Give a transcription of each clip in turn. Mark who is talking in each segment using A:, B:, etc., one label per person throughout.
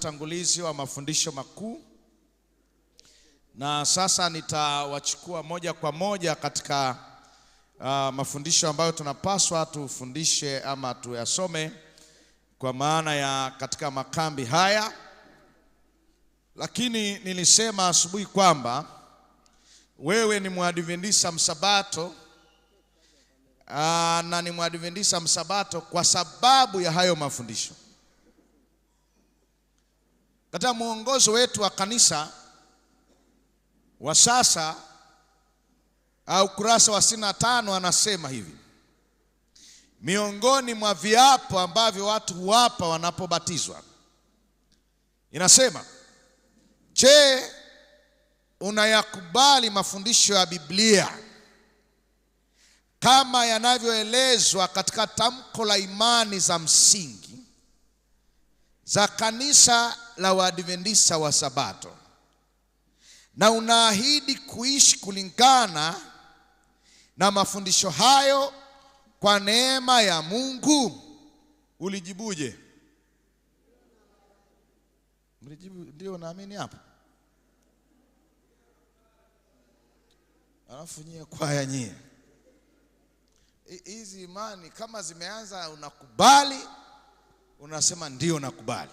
A: Utangulizi wa mafundisho makuu, na sasa nitawachukua moja kwa moja katika uh, mafundisho ambayo tunapaswa tufundishe ama tuyasome kwa maana ya katika makambi haya. Lakini nilisema asubuhi kwamba wewe ni mwadventista msabato uh, na ni mwadventista msabato kwa sababu ya hayo mafundisho hata mwongozo wetu wa kanisa wa sasa au kurasa wa sitini na tano anasema hivi: miongoni mwa viapo ambavyo watu huapa wanapobatizwa inasema, je, unayakubali mafundisho ya Biblia kama yanavyoelezwa katika tamko la imani za msingi za kanisa la Waadventista wa Sabato, na unaahidi kuishi kulingana na mafundisho hayo kwa neema ya Mungu. Ulijibuje? Mlijibu ndio, naamini hapo. Alafu nyie kwaya, nyie hizi imani kama zimeanza, unakubali unasema ndio, nakubali.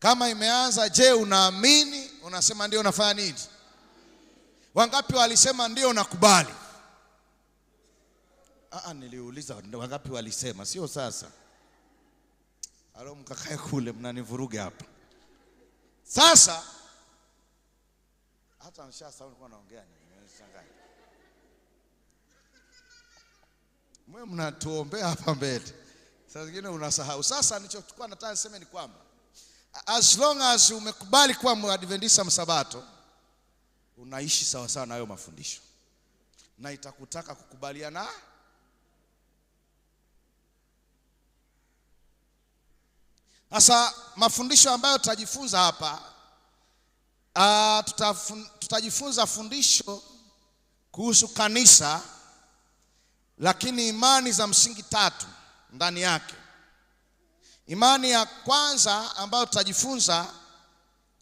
A: Kama imeanza, je, unaamini? Unasema ndio, unafanya nini? Wangapi walisema ndio, unakubali? Aa, ah, niliuliza wangapi walisema, sio sasa. Alo, mkakae kule, mnanivuruge hapa sasa. Hata naongea mwe, mnatuombea hapa mbele, saa zingine unasahau. Sasa nilichokuwa nataka niseme ni kwamba as long as umekubali kuwa Mwadventista msabato unaishi sawasawa na hayo mafundisho, na itakutaka kukubaliana sasa mafundisho ambayo tutajifunza hapa. Uh, ah, tutafun, tutajifunza fundisho kuhusu kanisa, lakini imani za msingi tatu ndani yake Imani ya kwanza ambayo tutajifunza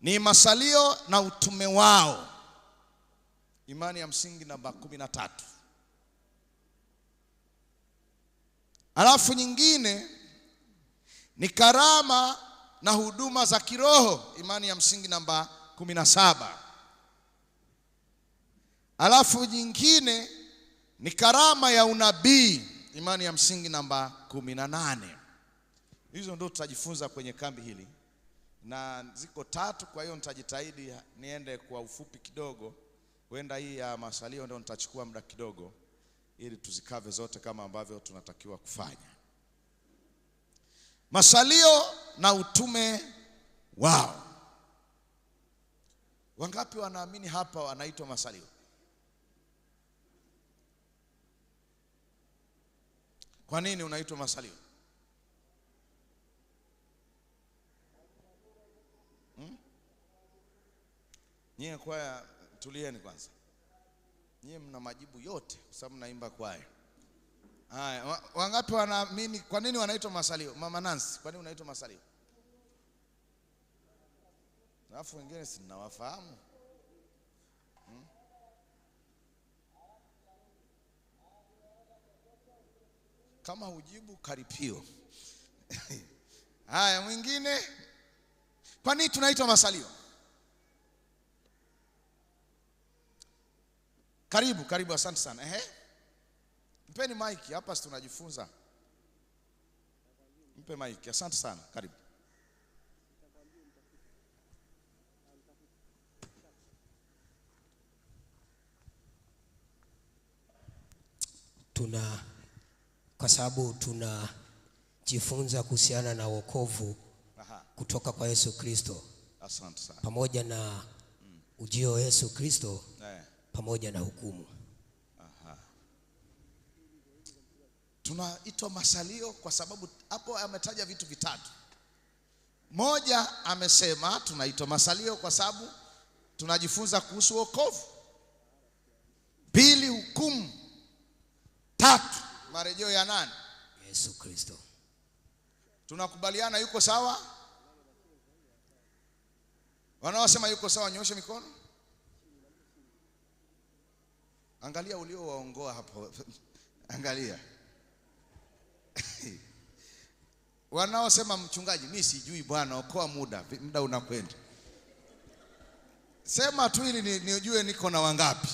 A: ni masalio na utume wao. Imani ya msingi namba kumi na tatu. Alafu nyingine ni karama na huduma za kiroho, imani ya msingi namba kumi na saba. Alafu nyingine ni karama ya unabii, imani ya msingi namba kumi na nane. Hizo ndio tutajifunza kwenye kambi hili, na ziko tatu. Kwa hiyo nitajitahidi niende kwa ufupi kidogo, huenda hii ya masalio ndio nitachukua muda kidogo, ili tuzikave zote kama ambavyo tunatakiwa kufanya. Masalio na utume wao. Wangapi wanaamini hapa wanaitwa masalio? Kwa nini unaitwa masalio? Nyie kwaya tulieni kwanza, nyie mna majibu yote kwa sababu mnaimba kwaya. Haya, wangapi wanaamini? Kwa nini wanaitwa masalio? Mama Nancy, kwa nini unaitwa masalio? Alafu wengine si ninawafahamu hmm? Kama hujibu karipio. Haya, mwingine, kwa nini tunaitwa masalio? Karibu, karibu, asante sana. Ehe, mpeni mike hapa, si tunajifunza. Mpe mike, asante sana, karibu.
B: Tuna kwa sababu tunajifunza kuhusiana na wokovu kutoka kwa Yesu Kristo, asante sana, pamoja na ujio wa Yesu Kristo Eh pamoja na hukumu. Aha.
A: Tunaitwa masalio kwa sababu hapo ametaja vitu vitatu. Moja, amesema tunaitwa masalio kwa sababu tunajifunza kuhusu wokovu. Pili, hukumu. Tatu, marejeo ya nani?
B: Yesu Kristo.
A: Tunakubaliana yuko sawa? Wanaosema yuko sawa nyoshe mikono. Angalia uliowaongoa hapo, angalia wanaosema mchungaji, mi sijui bwana, okoa muda, muda unakwenda. Sema tu ili nijue niko na wangapi.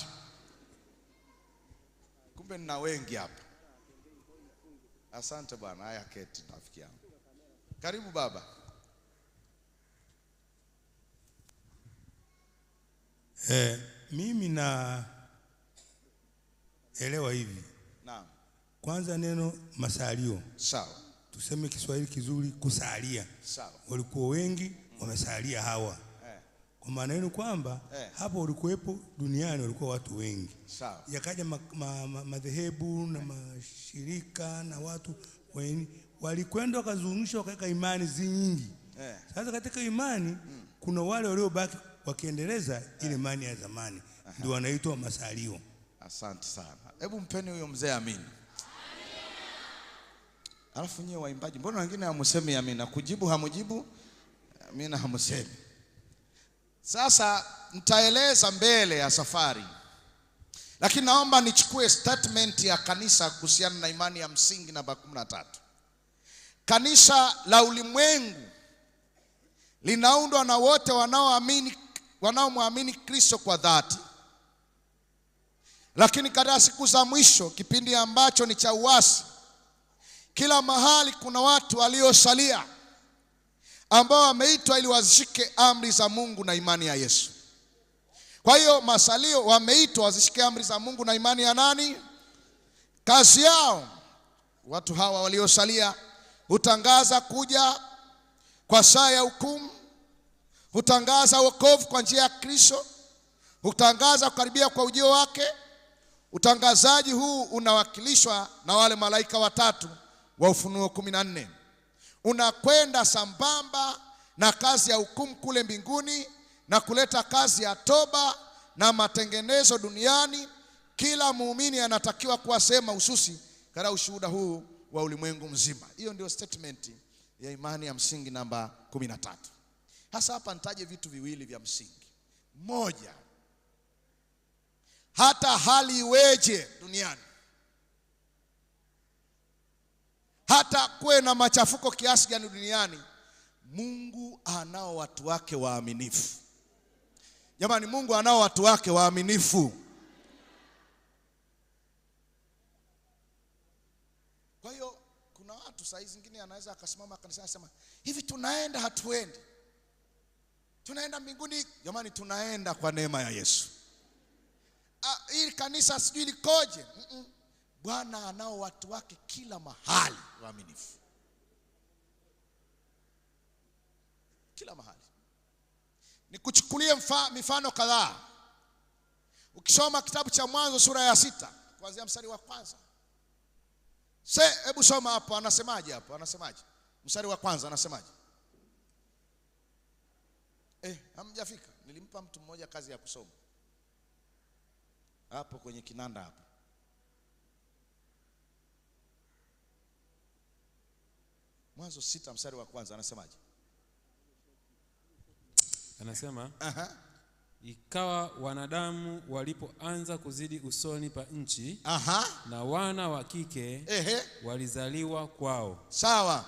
A: Kumbe nina wengi hapa. Asante bwana. Haya, keti rafiki yangu, karibu baba.
C: Eh, mimi na elewa hivi. Naam. Kwanza neno masalio. Sawa. Tuseme Kiswahili kizuri kusalia. Sawa. Walikuwa wengi wamesalia hawa. Eh. Kwa maana hiyo kwamba eh, hapo walikuwepo duniani walikuwa watu wengi. Sawa. Yakaja madhehebu ma, ma, ma na eh, mashirika na watu wengi walikwenda wakazungusha wakaweka imani zingi Eh. Sasa katika imani mm, kuna wale waliobaki wakiendeleza eh, ile imani ya zamani ndio wanaitwa masalio.
A: Asante sana. Hebu mpeni huyo mzee amini. Alafu nyewe waimbaji, mbona wengine hamusemi amina? Kujibu hamujibu amina, hamusemi. Sasa nitaeleza mbele ya safari, lakini naomba nichukue statement ya kanisa kuhusiana na imani ya msingi namba kumi na tatu. Kanisa la ulimwengu linaundwa na wote wanaoamini wanaomwamini Kristo kwa dhati lakini katika siku za mwisho, kipindi ambacho ni cha uasi, kila mahali kuna watu waliosalia ambao wameitwa ili wazishike amri za Mungu na imani ya Yesu. Kwa hiyo masalio wameitwa wazishike amri za Mungu na imani ya nani? Kazi yao watu hawa waliosalia hutangaza kuja kwa saa ya hukumu, hutangaza wokovu kwa njia ya Kristo, hutangaza kukaribia kwa ujio wake. Utangazaji huu unawakilishwa na wale malaika watatu wa Ufunuo kumi na nne. Unakwenda sambamba na kazi ya hukumu kule mbinguni na kuleta kazi ya toba na matengenezo duniani. Kila muumini anatakiwa kuwa sehemu hususi katika ushuhuda huu wa ulimwengu mzima. Hiyo ndio statement ya imani ya msingi namba 13. Hasa hapa nitaje vitu viwili vya msingi. Moja, hata hali iweje duniani, hata kuwe na machafuko kiasi gani duniani, Mungu anao watu wake waaminifu. Jamani, Mungu anao watu wake waaminifu. Kwa hiyo kuna watu saa zingine anaweza akasimama kanisani asema hivi, tunaenda hatuendi, tunaenda mbinguni? Jamani, tunaenda kwa neema ya Yesu. Ah, hili kanisa sijui likoje. Bwana anao watu wake kila mahali waaminifu, kila mahali. Nikuchukulie mifano kadhaa. Ukisoma kitabu cha Mwanzo sura ya sita kuanzia mstari wa kwanza, se hebu soma hapo, anasemaje hapo? Anasemaje mstari wa kwanza, anasemaje? Eh, hamjafika. Nilimpa mtu mmoja kazi ya kusoma hapo kwenye kinanda hapo. Mwanzo sita mstari wa kwanza anasemaje?
D: Anasema Aha. Ikawa wanadamu walipoanza kuzidi usoni pa nchi Aha. na wana wa kike Ehe. walizaliwa kwao. Sawa,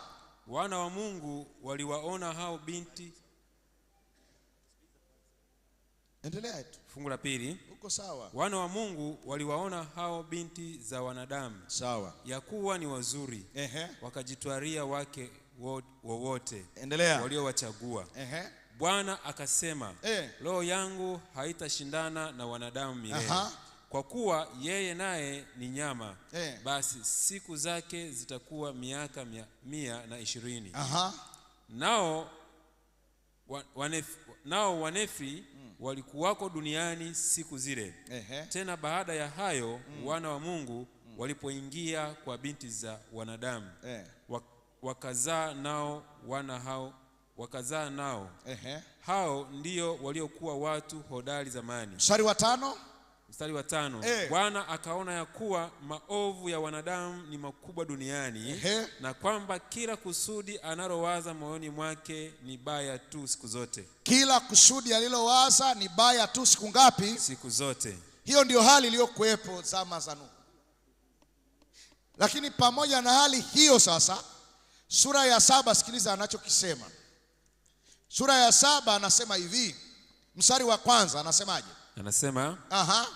D: wana wa Mungu waliwaona hao binti. Endelea tu, fungu la pili uko sawa. Wana wa Mungu waliwaona hao binti za wanadamu sawa, ya kuwa ni wazuri, ehe, wakajitwaria wake wowote endelea, waliowachagua ehe. Bwana akasema e. roho yangu haitashindana na wanadamu milele kwa kuwa yeye naye ni nyama e. Basi siku zake zitakuwa miaka mia, mia na ishirini. Nao, wa, wanef, nao wanefi walikuwako duniani siku zile. Ehe. Tena baada ya hayo mm. wana wa Mungu mm. walipoingia kwa binti za wanadamu eh. wakazaa nao wana hao wakazaa nao Ehe. hao ndio waliokuwa watu hodari zamani.
A: Mstari wa tano
D: mstari wa tano eh. Bwana akaona ya kuwa maovu ya wanadamu ni makubwa duniani eh. na kwamba kila kusudi analowaza moyoni mwake ni baya tu siku zote.
A: Kila kusudi alilowaza ni baya tu siku ngapi?
D: Siku zote.
A: Hiyo ndio hali iliyokuwepo zama za Nuhu. Lakini pamoja na hali hiyo, sasa sura ya saba, sikiliza anachokisema. Sura ya saba anasema hivi, mstari wa kwanza anasemaje?
D: Anasema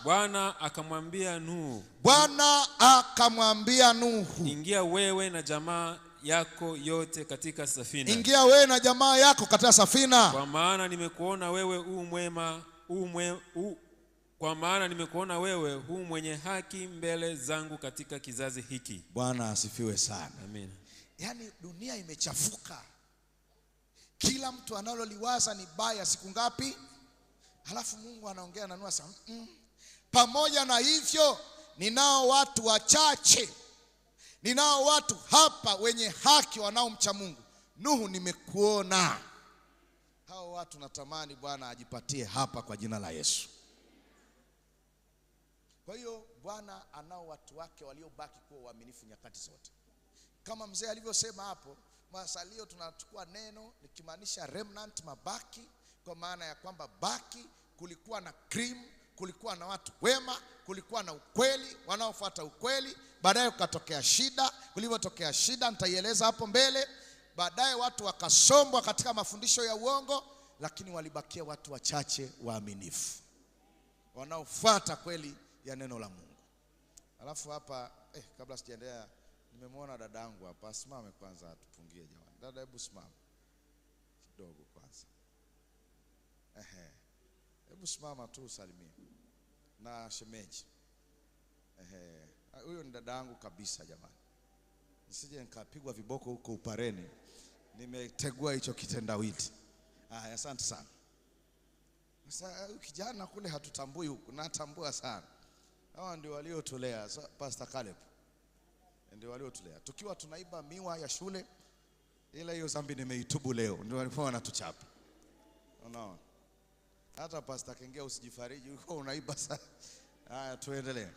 D: Bwana akamwambia Nuhu,
A: Bwana akamwambia Nuhu,
D: ingia wewe na jamaa yako yote katika safina,
A: ingia wewe na jamaa yako katika safina,
D: kwa maana nimekuona wewe u mwema u mwe, u, kwa maana nimekuona wewe huu mwenye haki mbele zangu katika kizazi hiki.
A: Bwana asifiwe sana. Amina. yani dunia imechafuka, kila mtu analoliwaza ni baya. Siku ngapi? Halafu Mungu anaongea na Noa sana. mm, pamoja na hivyo ninao watu wachache, ninao watu hapa wenye haki wanaomcha Mungu. Nuhu, nimekuona hao watu, natamani Bwana ajipatie hapa kwa jina la Yesu. Kwa hiyo Bwana anao watu wake waliobaki kuwa waaminifu nyakati zote, kama mzee alivyosema hapo, masalio tunachukua neno likimaanisha remnant, mabaki kwa maana ya kwamba Baki kulikuwa na cream, kulikuwa na watu wema, kulikuwa na ukweli, wanaofuata ukweli. Baadaye ukatokea shida, kulivyotokea shida nitaieleza hapo mbele. Baadaye watu wakasombwa katika mafundisho ya uongo, lakini walibakia watu wachache waaminifu wanaofuata kweli ya neno la Mungu. Alafu hapa eh, kabla sijaendelea, nimemwona dadangu hapa. Simame kwanza atupungie jamani. Dada, hebu simame kidogo hebu simama tu usalimie na shemeji. Ehe, ah, huyo ni dada yangu kabisa jamani, nisije nikapigwa viboko huko Upareni, nimetegua hicho kitendawiti. Haya, asante sana. Sasa ah, kijana kule hatutambui huku, natambua sana. Hawa ndio waliotulea so, Pastor Caleb ndio waliotulea tukiwa tunaiba miwa ya shule, ila hiyo zambi nimeitubu leo, ndio walikuwa wanatuchapa, unaona. Hata Pastor Kengea usijifariji, ulikuwa unaiba sana. Haya, tuendelee.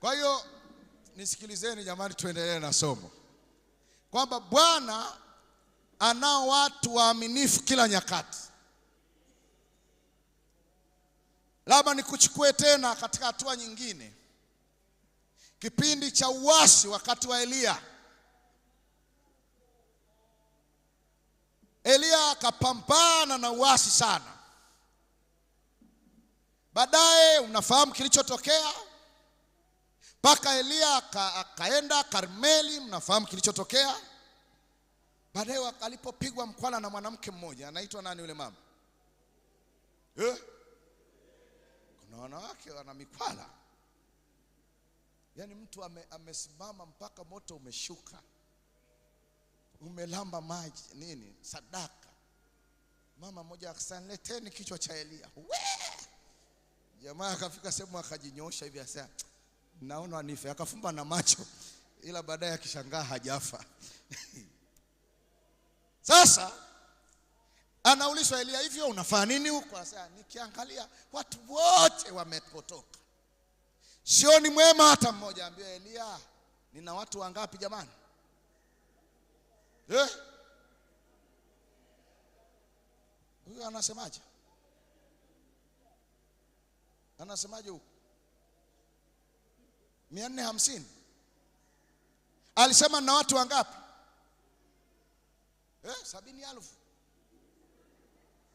A: Kwa hiyo nisikilizeni jamani, tuendelee na somo kwamba Bwana anao watu waaminifu kila nyakati. Labda nikuchukue tena katika hatua nyingine, kipindi cha uasi wakati wa Eliya Eliya akapambana na uasi sana. Baadaye unafahamu kilichotokea mpaka Eliya akaenda Karmeli, mnafahamu kilichotokea baadaye. Alipopigwa mkwala na mwanamke mmoja anaitwa nani yule mama eh? Kuna wanawake wana mikwala, yaani mtu amesimama ame mpaka moto umeshuka umelamba maji nini sadaka. Mama mmoja akasema leteni kichwa cha Elia. We! Jamaa akafika sehemu akajinyosha hivi asema naona nife, akafumba na macho, ila baadaye akishangaa hajafa. Sasa anaulizwa Elia, hivyo unafanya nini huko? Asema nikiangalia watu wote wamepotoka, sioni mwema hata mmoja. Ambiwa Elia, nina watu wangapi jamani? Eh? Huyu anasemaje? Anasemaje huko? mia nne hamsini alisema na watu wangapi? Eh, sabini elfu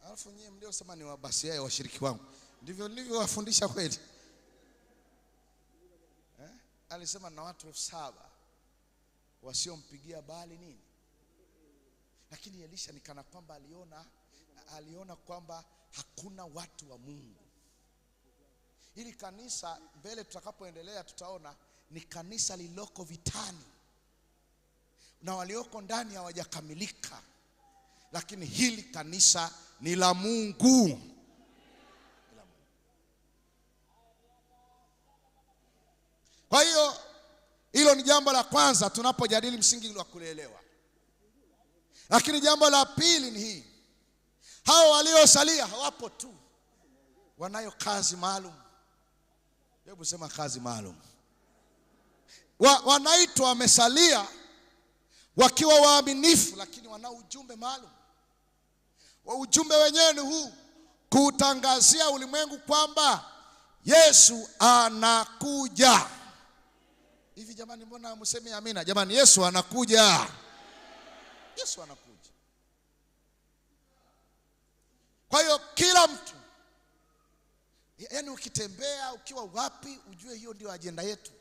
A: alafu nyie mliosema ni wabasi yao eh, washiriki wangu, ndivyo nilivyowafundisha kweli eh? Alisema na watu elfu saba wasiompigia bali nini lakini Elisha nikana kwamba aliona, aliona kwamba hakuna watu wa Mungu. Hili kanisa mbele tutakapoendelea tutaona ni kanisa lililoko vitani na walioko ndani hawajakamilika, lakini hili kanisa ni la Mungu. Kwa hiyo hilo ni jambo la kwanza tunapojadili msingi wa kulielewa. Lakini jambo la pili ni hii, hao waliosalia hawapo tu, wanayo kazi maalum. Hebu sema kazi maalum. Wa, wanaitwa wamesalia wakiwa waaminifu, lakini wana ujumbe maalum. Wa ujumbe wenyewe ni huu, kutangazia ulimwengu kwamba Yesu anakuja. Hivi jamani, mbona mseme amina? Jamani, Yesu anakuja. Yesu anakuja. Kwa hiyo kila mtu, yaani ukitembea ukiwa wapi, ujue hiyo ndio ajenda yetu.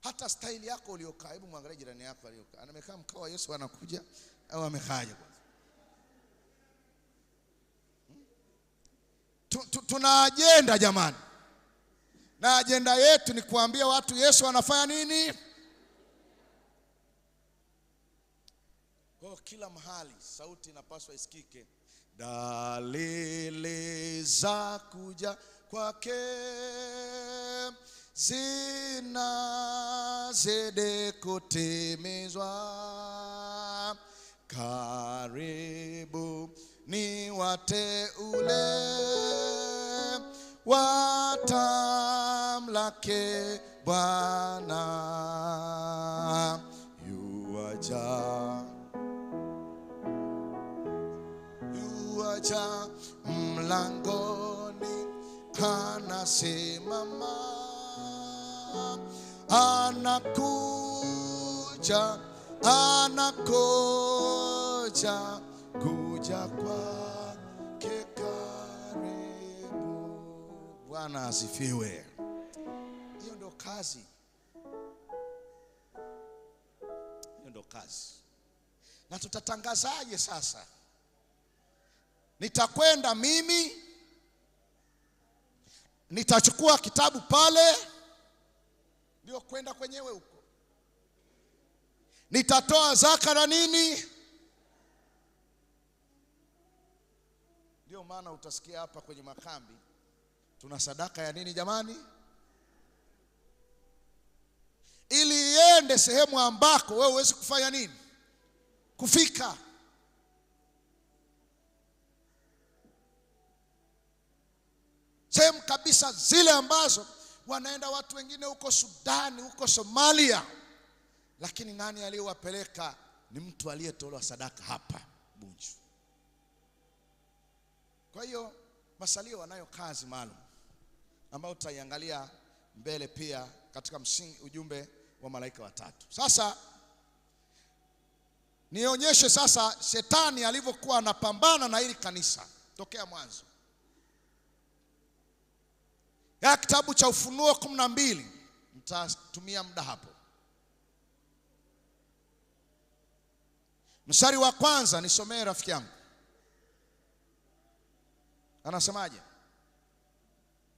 A: Hata staili yako uliokaa, hebu mwangalie jirani yako aliyokaa, amekaa mkao wa Yesu anakuja au amekaaje? Kwanza hmm? tuna ajenda jamani, na ajenda yetu ni kuambia watu Yesu anafanya nini. Kwa hiyo kila mahali sauti inapaswa isikike, dalili za kuja kwake zinazidi kutimizwa, karibu ni wateule watamlake Bwana yuaja mmoja mlangoni anasimama, anakuja, anakuja, kuja kwake karibu. Bwana asifiwe. Hiyo ndo kazi, hiyo ndo kazi. Na tutatangazaje sasa? nitakwenda mimi, nitachukua kitabu pale, ndio kwenda kwenyewe huko, nitatoa zaka na nini. Ndio maana utasikia hapa kwenye makambi tuna sadaka ya nini jamani, ili iende sehemu ambako wewe huwezi kufanya nini, kufika. sehemu kabisa zile ambazo wanaenda watu wengine huko Sudani, huko Somalia, lakini nani aliyowapeleka? Ni mtu aliyetolewa sadaka hapa Bunju. Kwa hiyo masalio wanayo kazi maalum ambayo tutaiangalia mbele pia katika msingi ujumbe wa malaika watatu. Sasa nionyeshe sasa shetani alivyokuwa anapambana na hili kanisa tokea mwanzo ya kitabu cha Ufunuo kumi na mbili nitatumia muda hapo. Mstari wa kwanza nisomee rafiki yangu, anasemaje?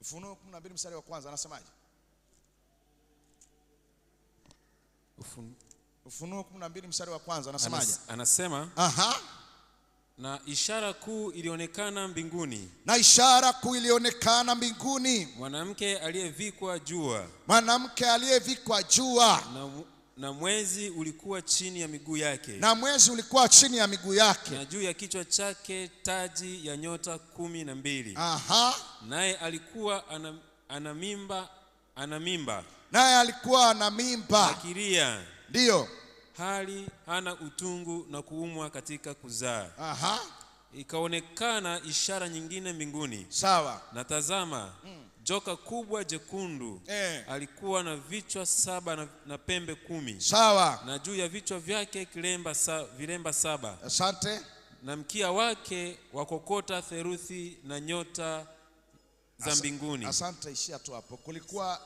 A: Ufunuo 12 mstari wa kwanza anasemaje? Ufunuo 12 mstari wa kwanza anasemaje?
D: Anasema, anasema. Aha na ishara kuu ilionekana mbinguni
A: na ishara kuu ilionekana mbinguni
D: mwanamke aliyevikwa jua
A: mwanamke aliyevikwa jua na,
D: na mwezi ulikuwa chini ya miguu yake
A: na mwezi ulikuwa chini ya miguu yake
D: na juu ya kichwa chake taji ya nyota kumi na mbili aha naye alikuwa ana, ana mimba ana mimba
A: naye alikuwa ana mimba
D: akilia ndiyo hali hana utungu na kuumwa katika kuzaa. Aha. Ikaonekana ishara nyingine mbinguni. Sawa. Natazama mm. joka kubwa jekundu eh. alikuwa na vichwa saba na, na pembe kumi. Sawa. Na juu ya vichwa vyake kilemba sa, vilemba saba. Asante. Na mkia wake wakokota theruthi na nyota za mbinguni.
A: Asante, ishia tu hapo. Kulikuwa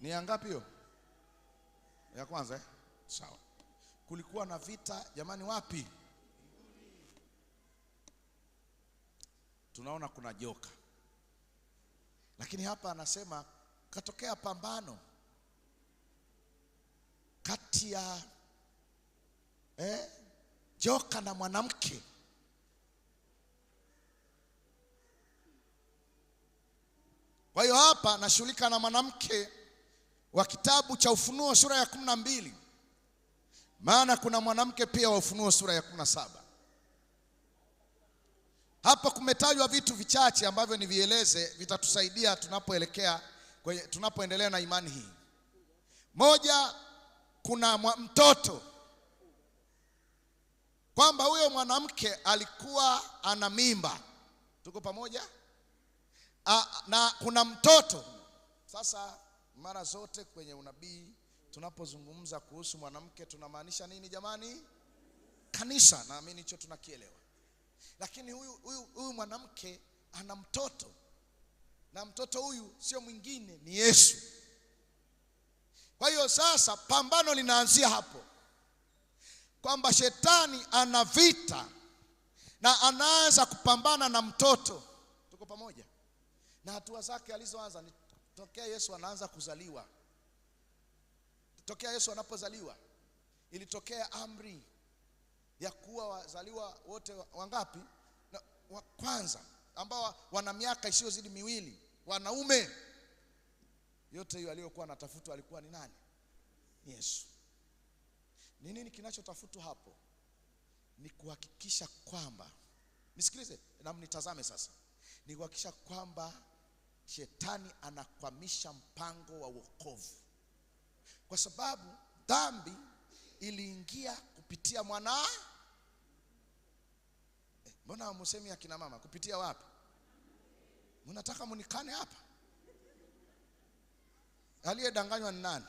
A: ni ya ngapi hiyo? Ya kwanza eh? Sawa kulikuwa na vita jamani, wapi? Tunaona kuna joka, lakini hapa anasema katokea pambano kati ya eh, joka na mwanamke. Kwa hiyo hapa nashughulika na mwanamke wa kitabu cha Ufunuo sura ya kumi na mbili maana kuna mwanamke pia wa Ufunuo sura ya kumi na saba. Hapa kumetajwa vitu vichache ambavyo nivieleze, vitatusaidia tunapoelekea kwenye tunapoendelea na imani hii. Moja, kuna mtoto, kwamba huyo mwanamke alikuwa ana mimba. Tuko pamoja? A, na kuna mtoto. Sasa mara zote kwenye unabii Tunapozungumza kuhusu mwanamke tunamaanisha nini jamani? Kanisa, naamini hicho tunakielewa. Lakini huyu, huyu, huyu mwanamke ana mtoto na mtoto huyu sio mwingine, ni Yesu. Kwa hiyo sasa pambano linaanzia hapo kwamba shetani ana vita na anaanza kupambana na mtoto. Tuko pamoja? Na hatua zake alizoanza ni tokea Yesu anaanza kuzaliwa Tokea Yesu anapozaliwa ilitokea amri ya kuwa wazaliwa wote wangapi? Na wa kwanza ambao wana miaka isiyozidi miwili, wanaume. Yote hiyo aliyokuwa anatafutwa alikuwa ni nani? ni Yesu. Ni nini kinachotafutwa hapo? Ni kuhakikisha kwamba, nisikilize na mnitazame sasa, ni kuhakikisha kwamba shetani anakwamisha mpango wa wokovu kwa sababu dhambi iliingia kupitia mwana eh, mbona musemi akina mama kupitia wapi? Mnataka munikane hapa? Aliyedanganywa ni nani?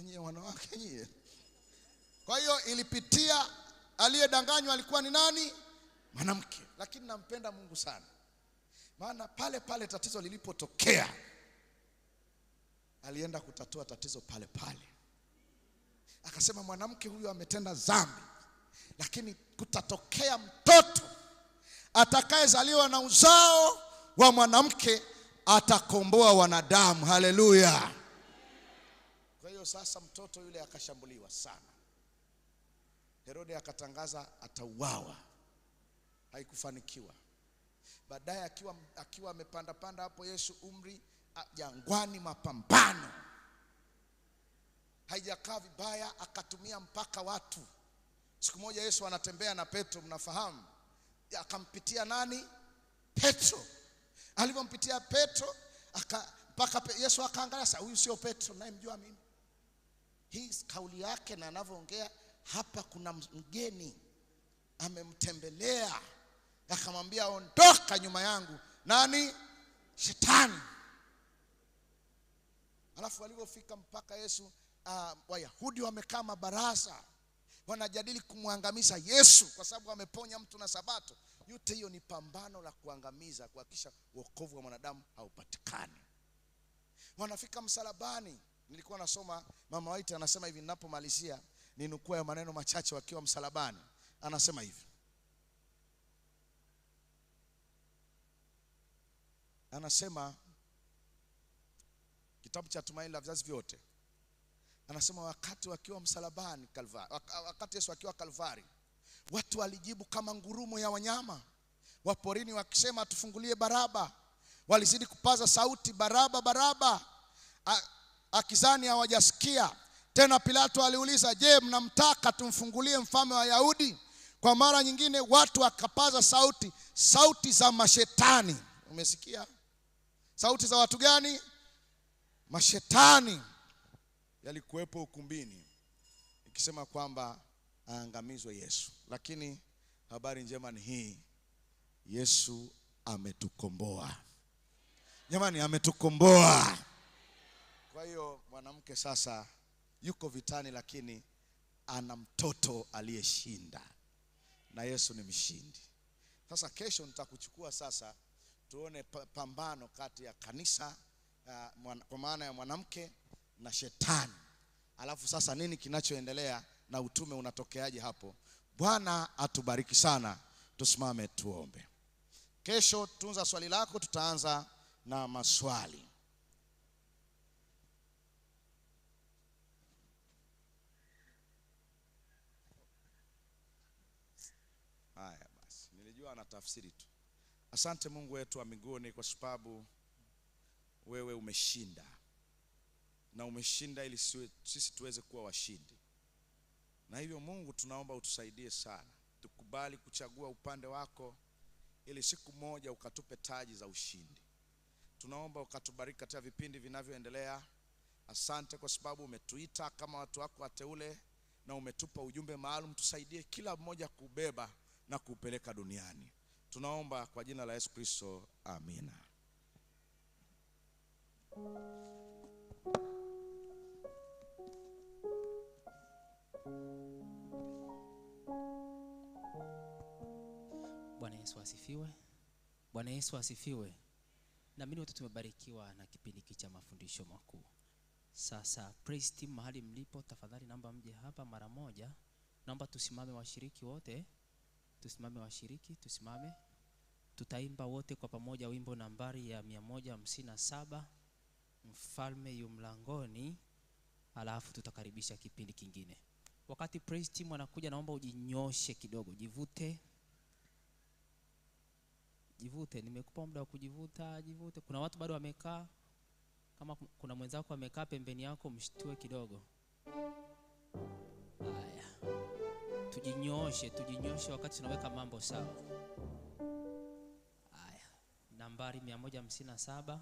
A: nyie wanawake nyie. Kwa hiyo ilipitia, aliyedanganywa alikuwa ni nani? Mwanamke. Lakini nampenda Mungu sana, maana pale pale tatizo lilipotokea alienda kutatua tatizo pale pale. Akasema mwanamke huyu ametenda dhambi, lakini kutatokea mtoto atakayezaliwa na uzao wa mwanamke atakomboa wanadamu. Haleluya! Kwa hiyo sasa mtoto yule akashambuliwa sana. Herode akatangaza atauawa, haikufanikiwa. Baadaye akiwa akiwa amepandapanda hapo Yesu umri jangwani mapambano, haijakaa vibaya, akatumia mpaka watu. Siku moja Yesu anatembea na Petro, mnafahamu, akampitia nani? Petro. Alivyompitia Petro aka, mpaka Yesu akaangalia, sasa huyu sio Petro nayemjua mimi. Hii kauli yake na anavyoongea hapa, kuna mgeni amemtembelea, akamwambia ondoka nyuma yangu, nani? Shetani. Alafu walivyofika mpaka Yesu uh, Wayahudi wamekaa mabaraza wanajadili kumwangamiza Yesu kwa sababu ameponya mtu na Sabato. Yote hiyo ni pambano la kuangamiza, kuhakikisha wokovu wa mwanadamu haupatikani. Wanafika msalabani. Nilikuwa nasoma mama waite anasema hivi, ninapomalizia ni nukua ya maneno machache wakiwa msalabani, anasema hivi, anasema kitabu cha tumaini la vizazi vyote anasema wakati wakiwa msalabani Kalvari, wakati Yesu akiwa Kalvari, watu walijibu kama ngurumo ya wanyama waporini wakisema, tufungulie Baraba. Walizidi kupaza sauti, Baraba, Baraba. akizani hawajasikia tena. Pilato aliuliza, je, mnamtaka tumfungulie mfalme wa Wayahudi? Kwa mara nyingine watu wakapaza sauti, sauti za mashetani. Umesikia sauti za watu gani? mashetani yalikuwepo ukumbini ikisema kwamba aangamizwe Yesu, lakini habari njema ni hii, Yesu ametukomboa jamani, ametukomboa. Kwa hiyo mwanamke sasa yuko vitani, lakini ana mtoto aliyeshinda, na Yesu ni mshindi. Sasa kesho nitakuchukua sasa tuone pambano kati ya kanisa uh, mwan, kwa maana ya mwanamke na shetani alafu sasa nini kinachoendelea na utume unatokeaje hapo bwana atubariki sana tusimame tuombe kesho tunza swali lako tutaanza na maswali haya basi nilijua ana tafsiri tu asante mungu wetu wa miguni kwa sababu wewe umeshinda na umeshinda ili sisi tuweze kuwa washindi. Na hivyo Mungu, tunaomba utusaidie sana, tukubali kuchagua upande wako ili siku moja ukatupe taji za ushindi. Tunaomba ukatubariki katika vipindi vinavyoendelea. Asante kwa sababu umetuita kama watu wako wateule na umetupa ujumbe maalum. Tusaidie kila mmoja kubeba na kuupeleka duniani. Tunaomba kwa jina la Yesu Kristo, amina.
E: Bwana Yesu asifiwe. Bwana Yesu asifiwe. Naamini wote tumebarikiwa na kipindi hiki cha mafundisho makuu. Sasa praise team, mahali mlipo, tafadhali naomba mje hapa mara moja. Naomba tusimame washiriki wote, tusimame washiriki, tusimame. Tutaimba wote kwa pamoja wimbo nambari ya 157 mfalme yu mlangoni, alafu tutakaribisha kipindi kingine. Wakati praise team wanakuja, naomba ujinyoshe kidogo, jivute jivute. Nimekupa muda wa kujivuta, jivute. Kuna watu bado wamekaa. Kama kuna mwenzako amekaa pembeni yako, mshtue kidogo. Haya, tujinyoshe, tujinyoshe wakati tunaweka mambo sawa. Haya, nambari 157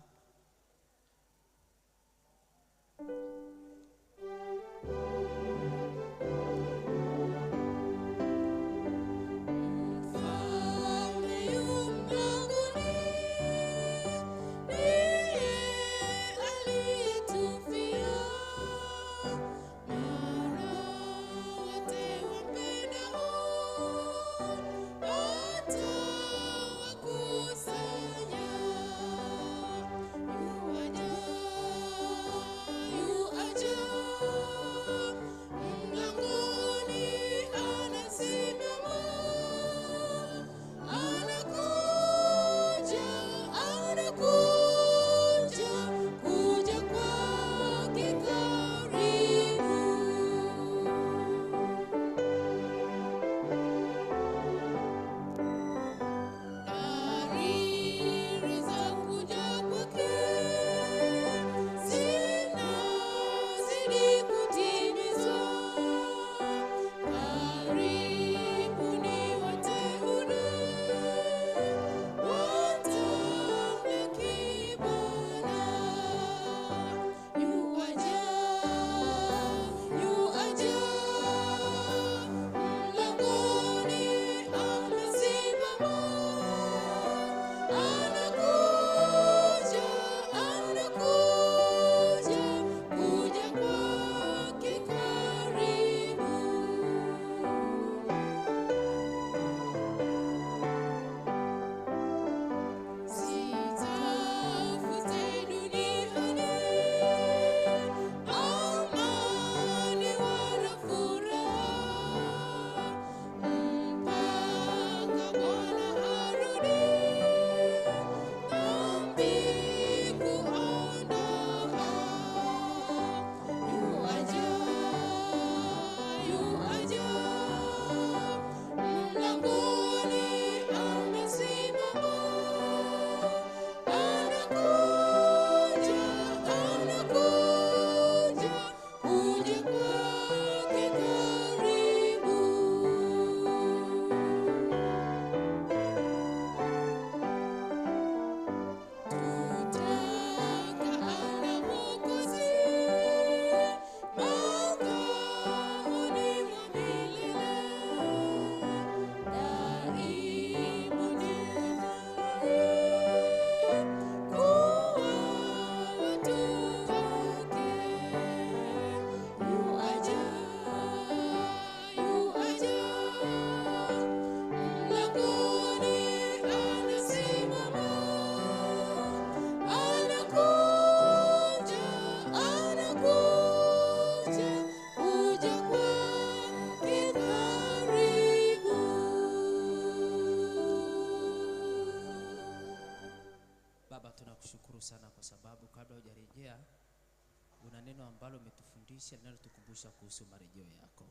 E: ambalo umetufundisha linalotukumbusha kuhusu marejeo yako.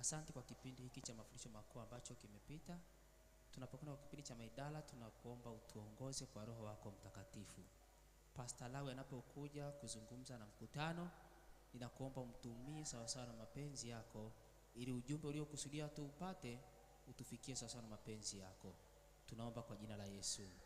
E: Asante kwa kipindi hiki cha mafundisho makuu ambacho kimepita. Tunapokwenda kwa kipindi cha maidala, tunakuomba utuongoze kwa Roho wako Mtakatifu. Pasta Lawi anapokuja kuzungumza na mkutano, ninakuomba umtumie sawasawa na mapenzi yako, ili ujumbe uliokusudia tuupate utufikie sawasawa na mapenzi yako. Tunaomba kwa jina la Yesu.